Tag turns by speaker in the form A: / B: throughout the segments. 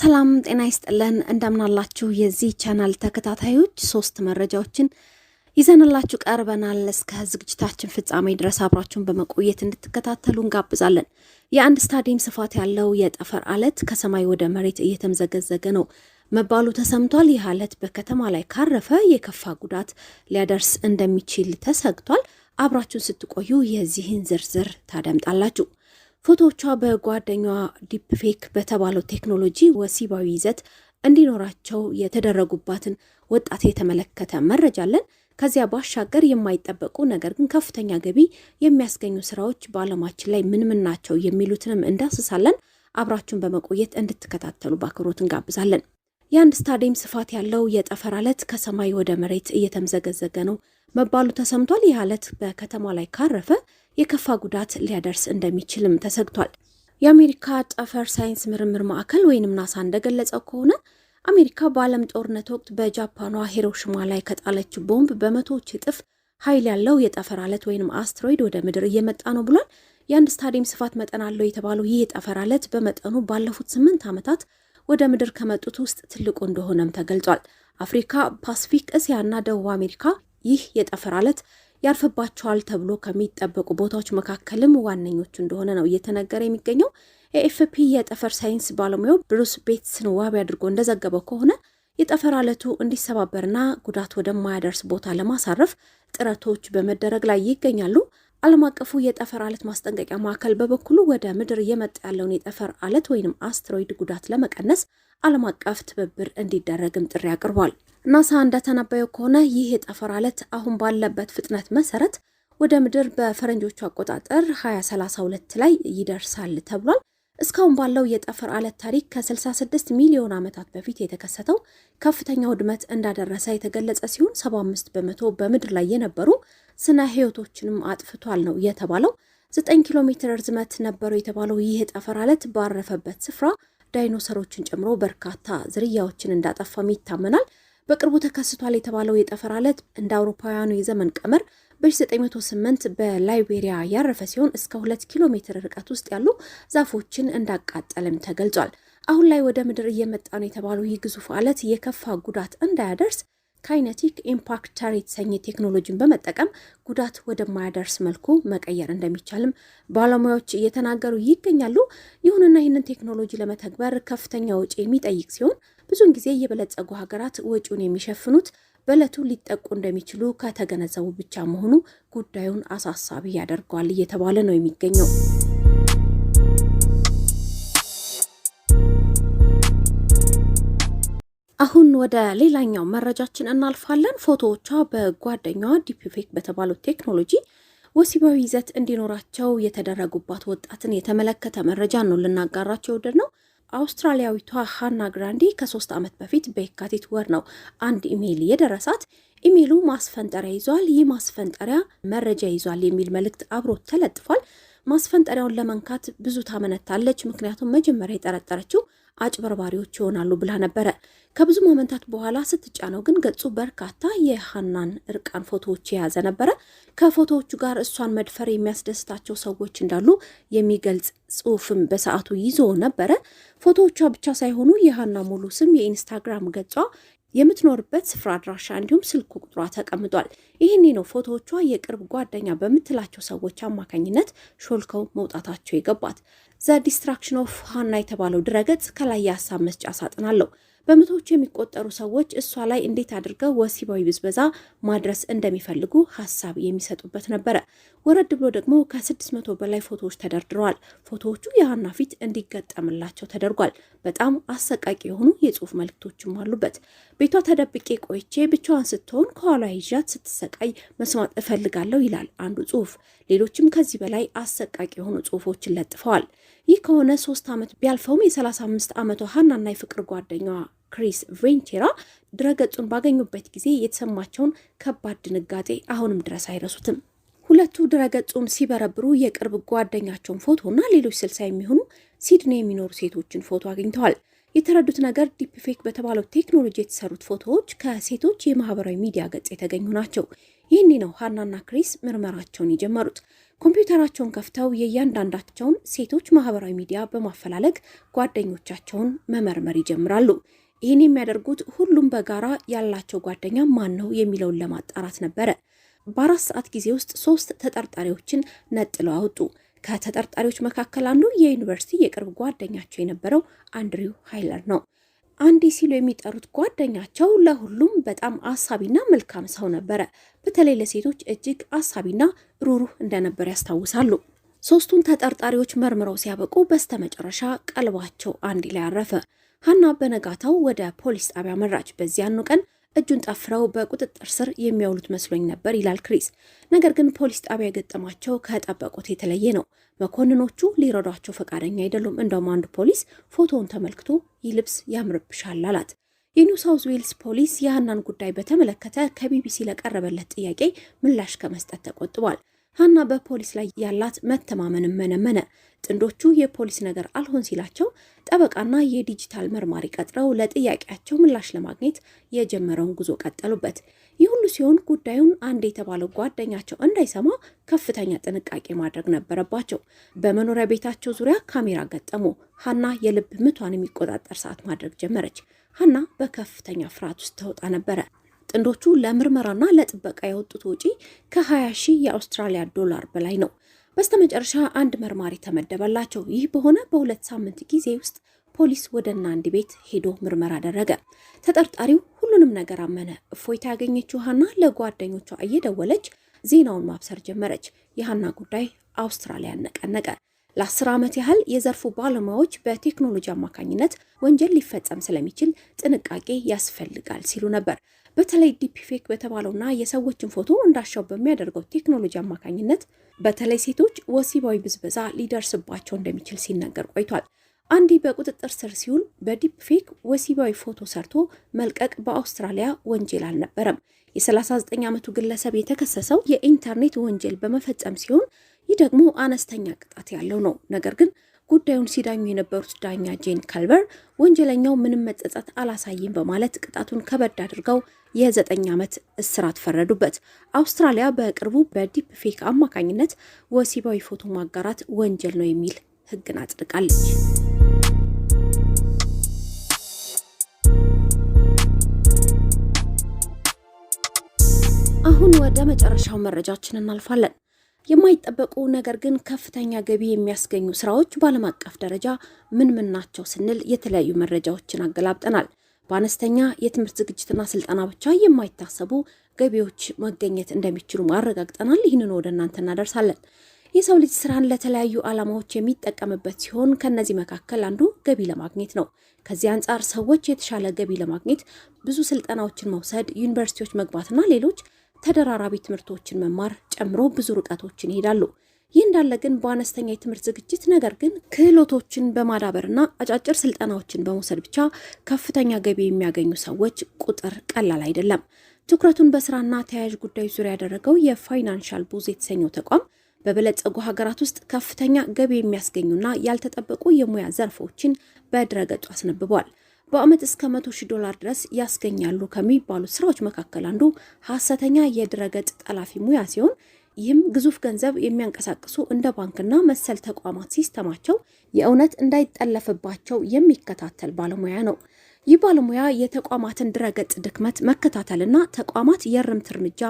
A: ሰላም ጤና ይስጥልን፣ እንደምናላችሁ የዚህ ቻናል ተከታታዮች፣ ሶስት መረጃዎችን ይዘንላችሁ ቀርበናል። እስከ ዝግጅታችን ፍጻሜ ድረስ አብራችሁን በመቆየት እንድትከታተሉ እንጋብዛለን። የአንድ ስታዲየም ስፋት ያለው የጠፈር አለት ከሰማይ ወደ መሬት እየተምዘገዘገ ነው መባሉ ተሰምቷል። ይህ አለት በከተማ ላይ ካረፈ የከፋ ጉዳት ሊያደርስ እንደሚችል ተሰግቷል። አብራችሁን ስትቆዩ የዚህን ዝርዝር ታደምጣላችሁ። ፎቶዎቿ በጓደኛዋ ዲፕፌክ በተባለው ቴክኖሎጂ ወሲባዊ ይዘት እንዲኖራቸው የተደረጉባትን ወጣት የተመለከተ መረጃ አለን። ከዚያ ባሻገር የማይጠበቁ ነገር ግን ከፍተኛ ገቢ የሚያስገኙ ስራዎች በዓለማችን ላይ ምን ምን ናቸው የሚሉትንም እንዳስሳለን። አብራችሁን በመቆየት እንድትከታተሉ በአክብሮት እንጋብዛለን። የአንድ ስታዲየም ስፋት ያለው የጠፈር አለት ከሰማይ ወደ መሬት እየተምዘገዘገ ነው መባሉ ተሰምቷል። ይህ አለት በከተማ ላይ ካረፈ የከፋ ጉዳት ሊያደርስ እንደሚችልም ተሰግቷል። የአሜሪካ ጠፈር ሳይንስ ምርምር ማዕከል ወይንም ናሳ እንደገለጸው ከሆነ አሜሪካ በዓለም ጦርነት ወቅት በጃፓኗ ሂሮሽማ ላይ ከጣለችው ቦምብ በመቶዎች እጥፍ ኃይል ያለው የጠፈር አለት ወይም አስትሮይድ ወደ ምድር እየመጣ ነው ብሏል። የአንድ ስታዲየም ስፋት መጠን አለው የተባለው ይህ የጠፈር አለት በመጠኑ ባለፉት ስምንት ዓመታት ወደ ምድር ከመጡት ውስጥ ትልቁ እንደሆነም ተገልጿል። አፍሪካ፣ ፓስፊክ፣ እስያ እና ደቡብ አሜሪካ ይህ የጠፈር አለት ያርፍባቸዋል ተብሎ ከሚጠበቁ ቦታዎች መካከልም ዋነኞቹ እንደሆነ ነው እየተነገረ የሚገኘው። የኤፍፒ የጠፈር ሳይንስ ባለሙያው ብሩስ ቤትስን ዋቢ አድርጎ እንደዘገበው ከሆነ የጠፈር አለቱ እንዲሰባበርና ጉዳት ወደማያደርስ ቦታ ለማሳረፍ ጥረቶች በመደረግ ላይ ይገኛሉ። ዓለም አቀፉ የጠፈር አለት ማስጠንቀቂያ ማዕከል በበኩሉ ወደ ምድር እየመጣ ያለውን የጠፈር አለት ወይንም አስትሮይድ ጉዳት ለመቀነስ ዓለም አቀፍ ትብብር እንዲደረግም ጥሪ አቅርቧል። ናሳ እንደተነበየው ከሆነ ይህ የጠፈር አለት አሁን ባለበት ፍጥነት መሰረት ወደ ምድር በፈረንጆቹ አቆጣጠር 2032 ላይ ይደርሳል ተብሏል። እስካሁን ባለው የጠፈር አለት ታሪክ ከ66 ሚሊዮን ዓመታት በፊት የተከሰተው ከፍተኛ ውድመት እንዳደረሰ የተገለጸ ሲሆን 75 በመቶ በምድር ላይ የነበሩ ስነ ህይወቶችንም አጥፍቷል ነው የተባለው። 9 ኪሎ ሜትር ርዝመት ነበረው የተባለው ይህ የጠፈር አለት ባረፈበት ስፍራ ዳይኖሰሮችን ጨምሮ በርካታ ዝርያዎችን እንዳጠፋም ይታመናል። በቅርቡ ተከስቷል የተባለው የጠፈር አለት እንደ አውሮፓውያኑ የዘመን ቀመር በ1908 በላይቤሪያ ያረፈ ሲሆን እስከ 2 ኪሎ ሜትር ርቀት ውስጥ ያሉ ዛፎችን እንዳቃጠልም ተገልጿል። አሁን ላይ ወደ ምድር እየመጣ ነው የተባለው ይህ ግዙፍ አለት የከፋ ጉዳት እንዳያደርስ ካይነቲክ ኢምፓክተር የተሰኘ ቴክኖሎጂን በመጠቀም ጉዳት ወደማያደርስ መልኩ መቀየር እንደሚቻልም ባለሙያዎች እየተናገሩ ይገኛሉ። ይሁንና ይህንን ቴክኖሎጂ ለመተግበር ከፍተኛ ወጪ የሚጠይቅ ሲሆን ብዙውን ጊዜ የበለጸጉ ሀገራት ወጪውን የሚሸፍኑት በዕለቱ ሊጠቁ እንደሚችሉ ከተገነዘቡ ብቻ መሆኑ ጉዳዩን አሳሳቢ ያደርገዋል እየተባለ ነው የሚገኘው። አሁን ወደ ሌላኛው መረጃችን እናልፋለን። ፎቶዎቿ በጓደኛዋ ዲፕፌክ በተባለው ቴክኖሎጂ ወሲባዊ ይዘት እንዲኖራቸው የተደረጉባት ወጣትን የተመለከተ መረጃ ነው ልናጋራቸው ወደድ ነው። አውስትራሊያዊቷ ሃና ግራንዲ ከሶስት ዓመት በፊት በየካቲት ወር ነው አንድ ኢሜይል የደረሳት። ኢሜይሉ ማስፈንጠሪያ ይዟል። ይህ ማስፈንጠሪያ መረጃ ይዟል የሚል መልእክት አብሮ ተለጥፏል። ማስፈንጠሪያውን ለመንካት ብዙ ታመነታለች። ምክንያቱም መጀመሪያ የጠረጠረችው አጭበርባሪዎች ይሆናሉ ብላ ነበረ። ከብዙ ማመንታት በኋላ ስትጫነው ግን ገጹ በርካታ የሀናን እርቃን ፎቶዎች የያዘ ነበረ። ከፎቶዎቹ ጋር እሷን መድፈር የሚያስደስታቸው ሰዎች እንዳሉ የሚገልጽ ጽሑፍም በሰዓቱ ይዞ ነበረ። ፎቶዎቿ ብቻ ሳይሆኑ የሀና ሙሉ ስም፣ የኢንስታግራም ገጿ፣ የምትኖርበት ስፍራ አድራሻ እንዲሁም ስልክ ቁጥሯ ተቀምጧል። ይህኔ ነው ፎቶዎቿ የቅርብ ጓደኛ በምትላቸው ሰዎች አማካኝነት ሾልከው መውጣታቸው የገባት። ዘ ዲስትራክሽን ኦፍ ሃና የተባለው ድረገጽ ከላይ የሀሳብ መስጫ ሳጥን አለው። በመቶዎች የሚቆጠሩ ሰዎች እሷ ላይ እንዴት አድርገው ወሲባዊ ብዝበዛ ማድረስ እንደሚፈልጉ ሀሳብ የሚሰጡበት ነበረ። ወረድ ብሎ ደግሞ ከ600 በላይ ፎቶዎች ተደርድረዋል። ፎቶዎቹ የሀና ፊት እንዲገጠምላቸው ተደርጓል። በጣም አሰቃቂ የሆኑ የጽሁፍ መልእክቶችም አሉበት። ቤቷ ተደብቄ ቆይቼ ብቻዋን ስትሆን ከኋላ ይዣት ስትሰቃይ መስማት እፈልጋለሁ ይላል አንዱ ጽሁፍ። ሌሎችም ከዚህ በላይ አሰቃቂ የሆኑ ጽሁፎችን ለጥፈዋል። ይህ ከሆነ ሶስት ዓመት ቢያልፈውም የ35 ዓመቷ ሀናና የፍቅር ጓደኛዋ ክሪስ ቬንቼራ ድረገጹን ባገኙበት ጊዜ የተሰማቸውን ከባድ ድንጋጤ አሁንም ድረስ አይረሱትም። ሁለቱ ድረገጹን ሲበረብሩ የቅርብ ጓደኛቸውን ፎቶ እና ሌሎች ስልሳ የሚሆኑ ሲድኒ የሚኖሩ ሴቶችን ፎቶ አግኝተዋል። የተረዱት ነገር ዲፕፌክ በተባለው ቴክኖሎጂ የተሰሩት ፎቶዎች ከሴቶች የማህበራዊ ሚዲያ ገጽ የተገኙ ናቸው። ይህኒ ነው ሀናና ክሪስ ምርመራቸውን የጀመሩት። ኮምፒውተራቸውን ከፍተው የእያንዳንዳቸውን ሴቶች ማህበራዊ ሚዲያ በማፈላለግ ጓደኞቻቸውን መመርመር ይጀምራሉ። ይህን የሚያደርጉት ሁሉም በጋራ ያላቸው ጓደኛ ማን ነው የሚለውን ለማጣራት ነበረ። በአራት ሰዓት ጊዜ ውስጥ ሶስት ተጠርጣሪዎችን ነጥለው አወጡ። ከተጠርጣሪዎች መካከል አንዱ የዩኒቨርሲቲ የቅርብ ጓደኛቸው የነበረው አንድሪው ሃይለር ነው። አንዲ ሲሉ የሚጠሩት ጓደኛቸው ለሁሉም በጣም አሳቢና መልካም ሰው ነበረ። በተለይ ለሴቶች እጅግ አሳቢና ሩሩህ እንደነበር ያስታውሳሉ። ሶስቱን ተጠርጣሪዎች መርምረው ሲያበቁ በስተመጨረሻ ቀልባቸው አንዲ ላይ አረፈ። ሀና በነጋታው ወደ ፖሊስ ጣቢያ መራች። በዚያኑ ቀን እጁን ጠፍረው በቁጥጥር ስር የሚያውሉት መስሎኝ ነበር ይላል ክሪስ። ነገር ግን ፖሊስ ጣቢያ የገጠማቸው ከጠበቁት የተለየ ነው። መኮንኖቹ ሊረዷቸው ፈቃደኛ አይደሉም። እንደውም አንድ ፖሊስ ፎቶውን ተመልክቶ ይህ ልብስ ያምርብሻል አላት። የኒው ሳውዝ ዌልስ ፖሊስ የሀናን ጉዳይ በተመለከተ ከቢቢሲ ለቀረበለት ጥያቄ ምላሽ ከመስጠት ተቆጥቧል። ሀና በፖሊስ ላይ ያላት መተማመንም መነመነ። ጥንዶቹ የፖሊስ ነገር አልሆን ሲላቸው ጠበቃና የዲጂታል መርማሪ ቀጥረው ለጥያቄያቸው ምላሽ ለማግኘት የጀመረውን ጉዞ ቀጠሉበት። ይህ ሁሉ ሲሆን ጉዳዩን አንድ የተባለው ጓደኛቸው እንዳይሰማ ከፍተኛ ጥንቃቄ ማድረግ ነበረባቸው። በመኖሪያ ቤታቸው ዙሪያ ካሜራ ገጠሙ። ሀና የልብ ምቷን የሚቆጣጠር ሰዓት ማድረግ ጀመረች። ሀና በከፍተኛ ፍርሃት ውስጥ ተውጣ ነበረ። ጥንዶቹ ለምርመራና ለጥበቃ ያወጡት ወጪ ከ20 ሺህ የአውስትራሊያ ዶላር በላይ ነው። በስተመጨረሻ አንድ መርማሪ ተመደበላቸው። ይህ በሆነ በሁለት ሳምንት ጊዜ ውስጥ ፖሊስ ወደ ናንድ ቤት ሄዶ ምርመራ አደረገ። ተጠርጣሪው ሁሉንም ነገር አመነ። እፎይታ ያገኘችው ሀና ለጓደኞቿ እየደወለች ዜናውን ማብሰር ጀመረች። የሀና ጉዳይ አውስትራሊያ ነቀነቀ። ለአስር ዓመት ያህል የዘርፉ ባለሙያዎች በቴክኖሎጂ አማካኝነት ወንጀል ሊፈጸም ስለሚችል ጥንቃቄ ያስፈልጋል ሲሉ ነበር። በተለይ በተባለው በተባለውና የሰዎችን ፎቶ እንዳሻው በሚያደርገው ቴክኖሎጂ አማካኝነት በተለይ ሴቶች ወሲባዊ ብዝበዛ ሊደርስባቸው እንደሚችል ሲነገር ቆይቷል። አንዲ በቁጥጥር ስር ሲውል በዲፕፌክ ወሲባዊ ፎቶ ሰርቶ መልቀቅ በአውስትራሊያ ወንጀል አልነበረም። የ39 ዓመቱ ግለሰብ የተከሰሰው የኢንተርኔት ወንጀል በመፈጸም ሲሆን ይህ ደግሞ አነስተኛ ቅጣት ያለው ነው። ነገር ግን ጉዳዩን ሲዳኙ የነበሩት ዳኛ ጄን ከልበር ወንጀለኛው ምንም መጸጸት አላሳይም በማለት ቅጣቱን ከበድ አድርገው የዘጠኝ ዓመት እስራት ፈረዱበት። አውስትራሊያ በቅርቡ በዲፕ ፌክ አማካኝነት ወሲባዊ ፎቶ ማጋራት ወንጀል ነው የሚል ሕግን አጽድቃለች። አሁን ወደ መጨረሻው መረጃችን እናልፋለን። የማይጠበቁ ነገር ግን ከፍተኛ ገቢ የሚያስገኙ ስራዎች በዓለም አቀፍ ደረጃ ምን ምን ናቸው ስንል የተለያዩ መረጃዎችን አገላብጠናል። በአነስተኛ የትምህርት ዝግጅትና ስልጠና ብቻ የማይታሰቡ ገቢዎች መገኘት እንደሚችሉ አረጋግጠናል። ይህንን ወደ እናንተ እናደርሳለን። የሰው ልጅ ስራን ለተለያዩ ዓላማዎች የሚጠቀምበት ሲሆን ከእነዚህ መካከል አንዱ ገቢ ለማግኘት ነው። ከዚህ አንጻር ሰዎች የተሻለ ገቢ ለማግኘት ብዙ ስልጠናዎችን መውሰድ፣ ዩኒቨርሲቲዎች መግባትና ሌሎች ተደራራቢ ትምህርቶችን መማር ጨምሮ ብዙ ርቀቶችን ይሄዳሉ። ይህ እንዳለ ግን በአነስተኛ የትምህርት ዝግጅት ነገር ግን ክህሎቶችን በማዳበርና አጫጭር ስልጠናዎችን በመውሰድ ብቻ ከፍተኛ ገቢ የሚያገኙ ሰዎች ቁጥር ቀላል አይደለም። ትኩረቱን በስራና ተያያዥ ጉዳዮች ዙሪያ ያደረገው የፋይናንሻል ቡዝ የተሰኘው ተቋም በበለጸጉ ሀገራት ውስጥ ከፍተኛ ገቢ የሚያስገኙና ያልተጠበቁ የሙያ ዘርፎችን በድረገጹ አስነብቧል። በአመት እስከ መቶ ሺህ ዶላር ድረስ ያስገኛሉ ከሚባሉ ስራዎች መካከል አንዱ ሀሰተኛ የድረገጽ ጠላፊ ሙያ ሲሆን ይህም ግዙፍ ገንዘብ የሚያንቀሳቅሱ እንደ ባንክና መሰል ተቋማት ሲስተማቸው የእውነት እንዳይጠለፍባቸው የሚከታተል ባለሙያ ነው። ይህ ባለሙያ የተቋማትን ድረገጽ ድክመት መከታተልና ተቋማት የእርምት እርምጃ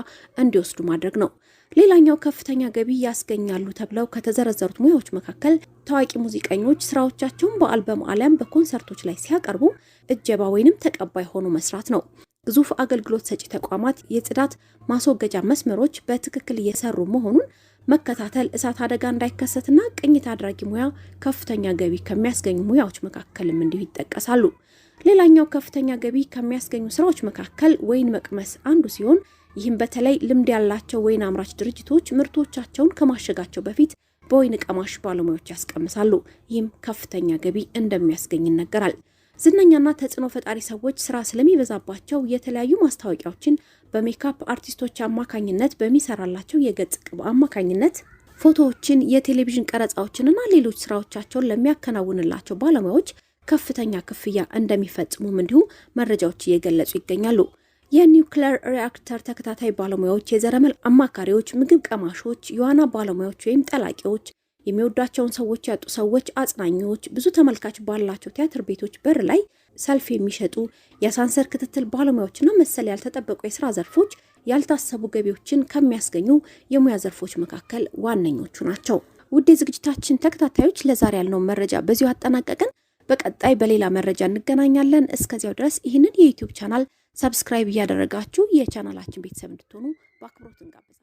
A: እንዲወስዱ ማድረግ ነው። ሌላኛው ከፍተኛ ገቢ ያስገኛሉ ተብለው ከተዘረዘሩት ሙያዎች መካከል ታዋቂ ሙዚቀኞች ስራዎቻቸውን በአልበም አሊያም በኮንሰርቶች ላይ ሲያቀርቡ እጀባ ወይንም ተቀባይ ሆኖ መስራት ነው። ግዙፍ አገልግሎት ሰጪ ተቋማት የጽዳት ማስወገጃ መስመሮች በትክክል እየሰሩ መሆኑን መከታተል እሳት አደጋ እንዳይከሰትና ቅኝት አድራጊ ሙያ ከፍተኛ ገቢ ከሚያስገኙ ሙያዎች መካከልም እንዲሁ ይጠቀሳሉ። ሌላኛው ከፍተኛ ገቢ ከሚያስገኙ ስራዎች መካከል ወይን መቅመስ አንዱ ሲሆን ይህም በተለይ ልምድ ያላቸው ወይን አምራች ድርጅቶች ምርቶቻቸውን ከማሸጋቸው በፊት በወይን ቀማሽ ባለሙያዎች ያስቀምሳሉ። ይህም ከፍተኛ ገቢ እንደሚያስገኝ ይነገራል። ዝነኛና ተጽዕኖ ፈጣሪ ሰዎች ስራ ስለሚበዛባቸው የተለያዩ ማስታወቂያዎችን በሜካፕ አርቲስቶች አማካኝነት በሚሰራላቸው የገጽ ቅብ አማካኝነት ፎቶዎችን፣ የቴሌቪዥን ቀረጻዎችንና ሌሎች ስራዎቻቸውን ለሚያከናውንላቸው ባለሙያዎች ከፍተኛ ክፍያ እንደሚፈጽሙም እንዲሁም መረጃዎች እየገለጹ ይገኛሉ። የኒውክሌር ሪያክተር ተከታታይ ባለሙያዎች፣ የዘረመል አማካሪዎች፣ ምግብ ቀማሾች፣ የዋና ባለሙያዎች ወይም ጠላቂዎች፣ የሚወዷቸውን ሰዎች ያጡ ሰዎች፣ አጽናኞች፣ ብዙ ተመልካች ባላቸው ቲያትር ቤቶች በር ላይ ሰልፍ የሚሸጡ የሳንሰር ክትትል ባለሙያዎችና መሰል ያልተጠበቁ የስራ ዘርፎች ያልታሰቡ ገቢዎችን ከሚያስገኙ የሙያ ዘርፎች መካከል ዋነኞቹ ናቸው። ውድ ዝግጅታችን ተከታታዮች ለዛሬ ያልነው መረጃ በዚሁ አጠናቀቅን። በቀጣይ በሌላ መረጃ እንገናኛለን። እስከዚያው ድረስ ይህንን የዩቲዩብ ቻናል ሰብስክራይብ እያደረጋችሁ የቻናላችን ቤተሰብ እንድትሆኑ በአክብሮት እንጋብዛለን።